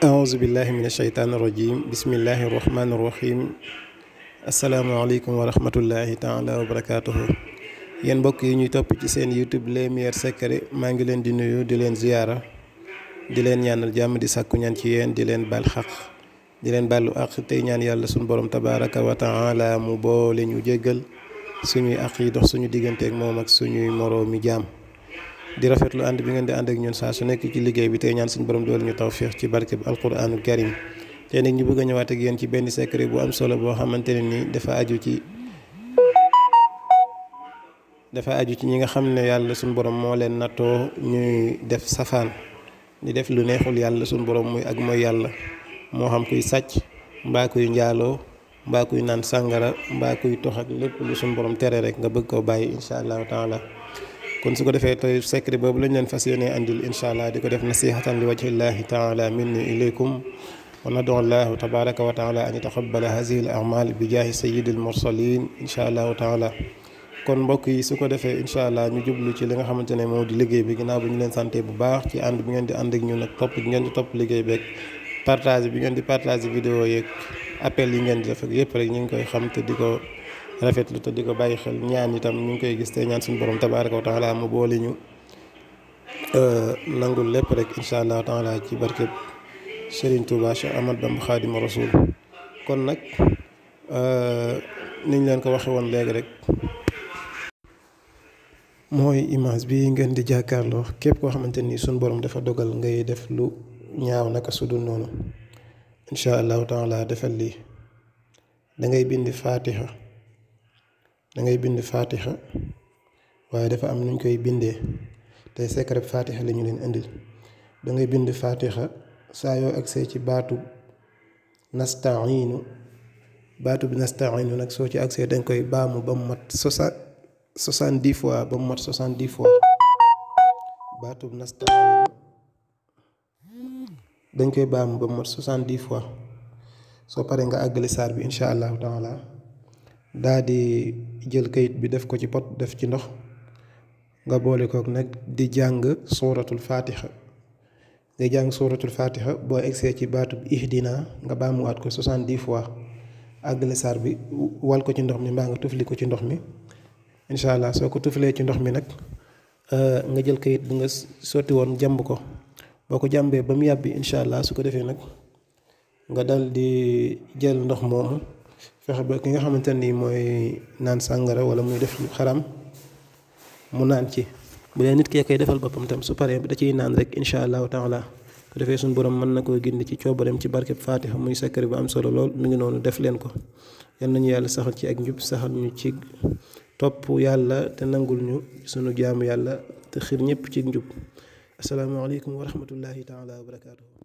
أعوذ بالله من الشيطان الرجيم بسم الله الرحمن الرحيم asalaamaaleykum wa rahmatullahi taala wa barakaatuhu yéen mbokk yi ñuy topp ci seen youtube les meilleurs secrets maa ngi leen di nuyu di leen ziyaara di leen ñaanal jàmm di sàkku ñaan ci yéen di leen baal xaq di leen baalu àq tey ñaan yàlla suñu borom tabaraka wa taala mu boole ñu jéggal suñuy àq yi dox suñu digganteek moom ak suñuy moroomi jaam di rafetlu ànd bi ngeen di ànd ak ñun sa su nekk ci liggéey bi tay ñaan suñu borom dool ñu tawfiq ci barke bi alquraanu karim tey nag ñu bëgg ñëwaat ak yeen ci benn secret bu am solo bo xamanteni ni dafa aju ci dafa aju ci ñi nga xamne yalla suñu borom mo leen nato ñuy def safan ni def lu neexul yalla suñu borom muy ak moy yalla mo xam kuy sacc mba kuy njaaloo mba kuy nan sangara mba kuy tox ak lepp lu suñu borom téré rek nga bëgg ko bayyi inshallah taala kon su ko defee tey secret boobu lañ leen fas yéenee andil incha allah di ko def nasihatan li wajhillahi taala minni ilaykum wa nadu allahu tabaraka wa taala an yataqabbala hadihi al amal bi jaahi sayyidil mursalin incha allahu taala kon mbokk yi su ko defee incha allah ñu jublu ci li nga xamante ne moo di liggéey bi ginnaaw bi ñu leen sante bu baax ci ànd bi ngeen di ànd ak ñun ak topp bi ngeen di topp liggéey beeg partage bi ngeen di partage vidéo yeeg appel yi ngeen di def ak yëpp rek ñu ngi koy xam te di ko rafetlu te di ko bàyyi xel ñaan itam ñu ngi koy gis te ñaan suñu borom tabaaraka wa taala mu boole ñu euh, nangul lépp rek incha allah taala ci barkeb Serigne Touba Cheikh Ahmad Bamba Rasuul kon nag euh, niñ leen ko waxe woon léegi rek mooy image bi ngeen di jàkkaarloo képp koo xamante nii suñu borom dafa dogal ngay def lu ñaaw naka su dul noonu incha allahu taala defal lii dangay ngay bind faatiha da ngay bind faatix waaye dafa am nuñ koy bindee tey secret faatixa la ñu leen indil da ngay bind faatix saa yoo agsee ci baatu nastainu baatu bi nastainu nag soo ci agsee dañ koy baamu ba mu mat soixante dix fois ba mu mat soixante dix fois baatu bi nastainu dañ koy baamu ba mu mat soixante dix fois soo paree nga àggali saar bi incha allahu taala daa di jël kayit bi def ko ci pot def ci ndox nga boole kook nag di jàng suuratul faatiha nga jàng suuratul faatiha boo egsee ci baatub ihdina nga baamuwaat ko soixante-dix fois àggale saar bi wal ko ci ndox mi mbaa nga tufli ko ci ndox mi incha allah soo ko tuflee ci ndox mi nag euh, nga jël kayit bu nga sotti woon jàmb ko boo ko jàmbee ba mu yàbbi incha allah su ko defee nag nga dal di jël ndox moomu fexe ba ki nga xamante ni mooy naan sàngara wala muy def lu xaram mu naan ci bu dee nit kee koy defal boppam tam su paree da ciy naan rek incha allahu taala su defee suñu borom mën na koo gindi ci coobareem ci barkeb faatiha muy sakkari bu am solo lool mi ngi noonu def leen ko yal nañu yàlla saxal ci ak njub saxal ñu ci topp yàlla te nangul ñu sunu jaamu yàlla te xiir ñëpp ci njub asalaamaaleykum wa rahmatullahi taala wa barakaatuhu